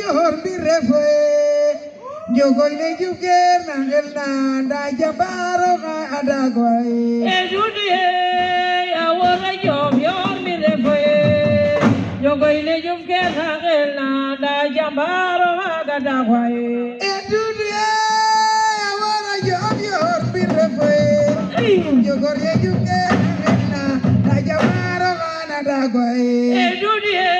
yor mbire foye njogol ne ngel na da jabaro ka ada koy e dudi he eh, awora jom yor mbire foye njogol ne jugger na ngel na da jabaro ka ada koy e dudi he eh, awora jom yor mbire foye njogol ne jugger na ngel na da jabaro ka ada koy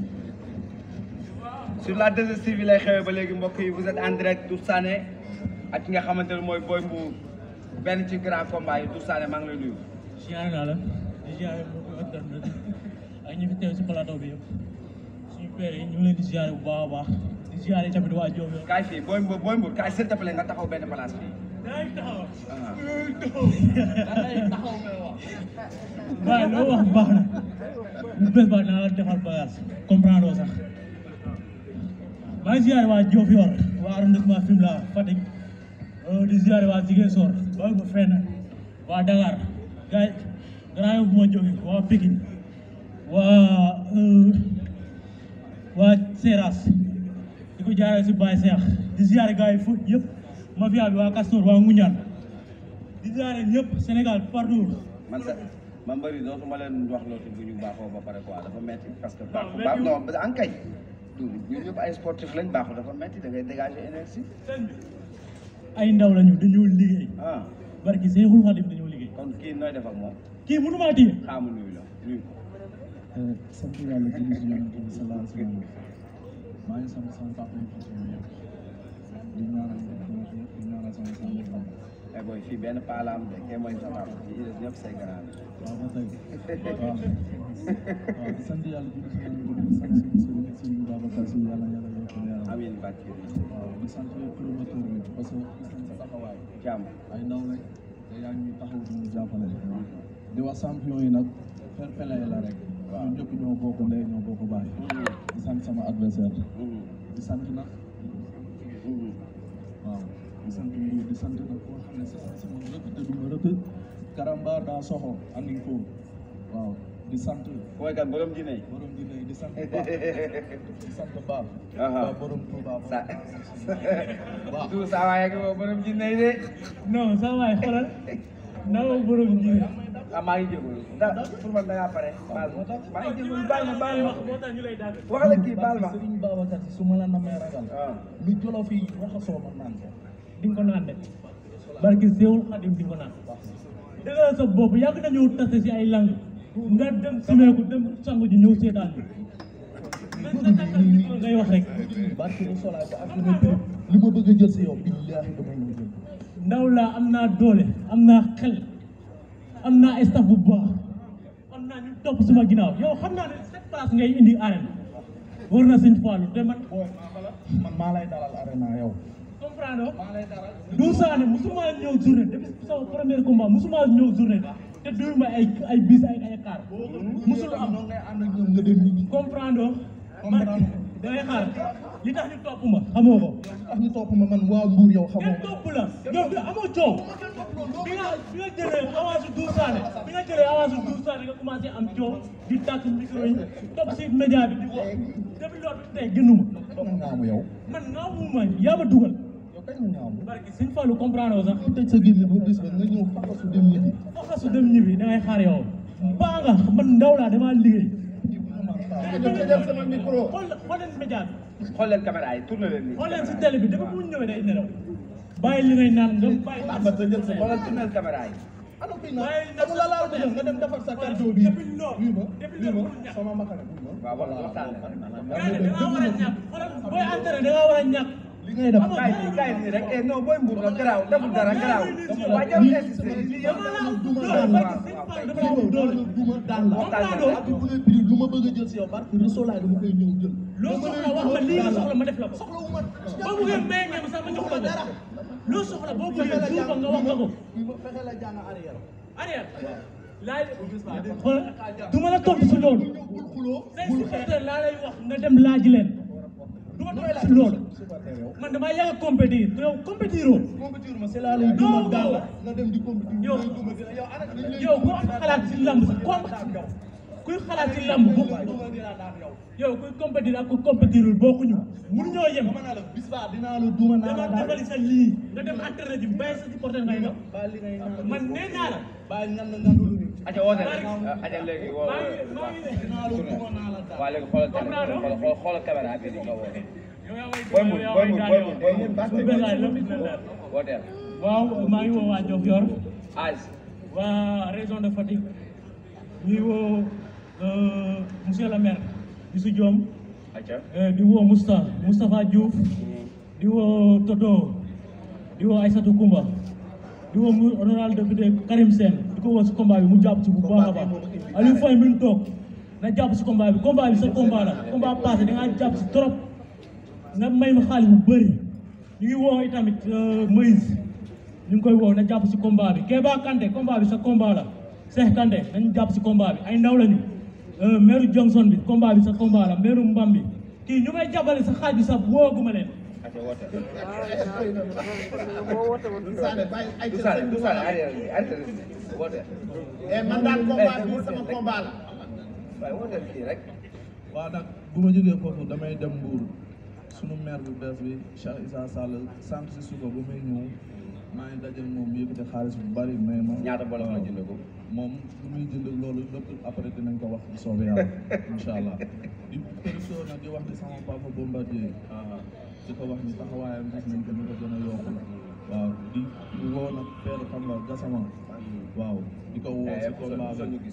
sur la deuxième stv bi lay xewee ba légui mbokk yi vous êtes en direct Doudou Sané ak nga xamante moy Boy Mbuur benn ci grand combat yi ik Sané lay nuyu. ziar naa la di ziar mbokki internet ak ñi fi teew si plateau bi yëpp suñu père yi ñu ngi leen di ziaré bu baax baax di ziaré ci waa Diop yëpp. kaay ik Boy Mbuur Boy Mbuur kaay s'il te plaît nga taxaw benn place fii. day taxaw. Ah. ba no wax baax na bu baax naa la defal bagage comprendre loo sax. maa ngi wa waa Diofior waa arrondissement Fimela Fatick di ziare wa Ziguinchor bàyyi ko fenn waa Dakar gars yi Grand wa moo wa waa Seras di ko jaaree si Baye Cheikh di ziare gars yi fo yëpp mafia bi waa Castor waa Nguñaan di ziare ñëpp Sénégal partout. man sax man bëri dootuma leen wax loolu bu ba pare quoi dafa metti parce que. baax non ankay tuuti ñun ñëpp ay sportif lañ baaxul dafa metti da ngay dégager énergie. ay ndaw lañu dañoo liggéey. ah barki Seexul Xadim dañoo liggéey. kon kii nooy def ak moom. kii mënu maa téye. xaamu nuyu la nuyu ko. Euh, sant yàlla julli ci yonent bi sallallahu alayhi wa sallam maa ngi sant sama papa yi fi ci ñëpp di ñaanal sama sama mais booy fii benn paalaam de kee mooy sama fii yéen ñëpp say garaam. waaw ba tey waaw waaw sant yàlla di leen sant suñu suñu suñu Babacar suñu yàlla yàlla yokk na amiin bàcc waaw di sant promoteur bi parce que gis nañ sa taxawaay. jàmm ay ndaw rek te yaa ngi taxaw di ñu jàppale. di wax champion yi nag fair-play la rek. waaw ñun ñëpp ñoo bokk ndey ñoo bokk baay. di sant sama adversaire. di sant nag. waaw. Wow, di santina ko xamne sax sama bëpp te du ma rëpp karamba dans soxo amin ko waaw di sant mooy kan borom dina yi borom dina yi di sant baax di sant baax waaw borom tuuba sa tu sa waaye ko borom dina yi de non sa waaye xoolal naw borom dina ah maa ngi jégalu da pour man da ngaa pare baal ma maa ngi jégalu baal ma baal ma waxal kii baal ma Serigne Babacar su ma la namee ragal lu jolof yi waxasoo ma naan ko di ko naan de barki Seexul Xadim di nga naan dëggal sa bopp yàgg nañu tase si ay lang nga dem sumeeku dem sangu ji ñëw seetaan bi wax rek barki bu ak li ma bëgg jël si yow ndaw laa am naa doole am naa xel am naa staff bu baax am naa ñu topp suma ginnaaw yow xam naa ne cette place ngay indi arène war na seen faalu te lay comprendre Doudou Sané musuma ñëw journée depuis sama premier combat musuma ñëw journée te dóor ma ay ay bis ay ay kaar musul am comprendre man damay xaar li tax ñu topp ma xamoo ko. li tax ñu topp ma man waa Mbour yow xamoo ko. topp la yow bi amoo coow bi nga bi nga jëlee avance su Doudou Sané bi nga jëlee avance su Doudou Sané nga commencé am coow di tàkk micro yi topp si média bi di ko depuis loolu tey gënu ma. man naamu yow. man naamu ma yaa ma dugal. barki Sëñ Fallu comprendre sax tëj sa gémmi bu bis ba nga ñëw faxasu dem ñibbi faxasu dem ñibbi da ngay xaar yow baa nga man ndaw laa damaa liggéey sama micro xool leen média bi xool leen caméra yi tourné leen nii xool leen si télé bi dafa mu ñëwee day nelaw bàyyi li ngay naan nga bàyyi ba sa jël sa xoolal tourné caméra yi alors bi na amul la laa bëgg nga dem defar sa cardio bi wi ba wi ba sama makara waaw wala waxtaan la booy entraîné da nga war a ñàkk li ngay def kay kay nii rek la garaaw deful dara garaaw waaye jarul insister lii yëpp duma daan la duma daan la ak bu lay a jël si yow parce que Rasoulaye dama koy ñëw jël loo soxla wax ma lii nga soxla ma def la ko soxla wu ma boo bëggee ma jox la dara loo la nga dem laaji leen loolu man damaa yàgg compétir yow compétir oo. non non yow yow ku xalaat ci lamb sax comp kuy xalaat ci lamb bu yow kuy compétir ak ku compétirul bokkuñu mënuñoo yem. dama defali sa lii nga dem entraîné ji bàyyi sa supporter ngay def man nee naa la. aja woote aja léegi woo waa léegi xoolal xoolal caméra bi nga woote Boymut, Boymut, Boymut, Boymut. What else? waaw maa ngi woo waa Diofior. as. waa région de Fatick. ñuy woo monsieur le maire Youssou Diom. di woo Moustapha Moustapha Diouf. di woo Toto. di woo Aïssatou Koumba. di woo mu honorable député Karim Sène di ko woo si combat bi mu jàpp ci bu baax a baax Aliou Faye mi ngi toog na jàpp si combat bi combat bi sa combat la combat passé da ngaa jàpp si trop. nga may ma xaalis bu bëri ñu ngi woo tamit euh, Moïse ñu ngi koy woo na jàpp si combat bi Kéba Kanté combat bi sa combat la Cheikh jàpp si combat bi ndaw lañu euh, maire Johnson bi combat bi sa combat la maire Mbam bi kii ñu may jàppale sa xaaj bi sax wooguma leen. Eh, man daal combat bi sama combat la. bu ma jógee foofu damay dem Mbour. sunu maire bu bees bi Cheikh Issa Sall sant si suba ba muy ñëw maa ngi daje moom yëkkati xaalis bu bari may ma. ñaata boole ma jënd ko. moom lu muy jënd loolu lépp après dinañ ko wax bu soobee yàlla incha allah di perso nag di wax ni sama papa bombardier di ko wax ni taxawaayam gis nañ ko ni ko gën a yokk waaw di woo nag père xam nga gasama waaw di ko woo eh, si combat bi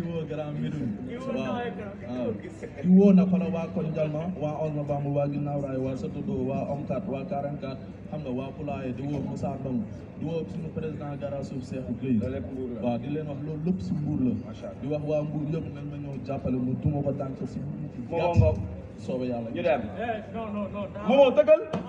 di woo Grand Médine a di woo na kono waa koñ Jalma waa Orma Bambou waa Ginnaaw Raay waa Satodo waa Omkat waa 44 xam nga waa Poulaye di woo Moussa Ndong di woo suñu président gara suuf Cheikhou Gueye waaw di leen wax loolu lépp si mbuur la di wax waa mbuur yëpp nañ ma ñëw jàppale mu duma ko dànk si mbuur ci gàtt soobee yàlla ñu dem moo tëggal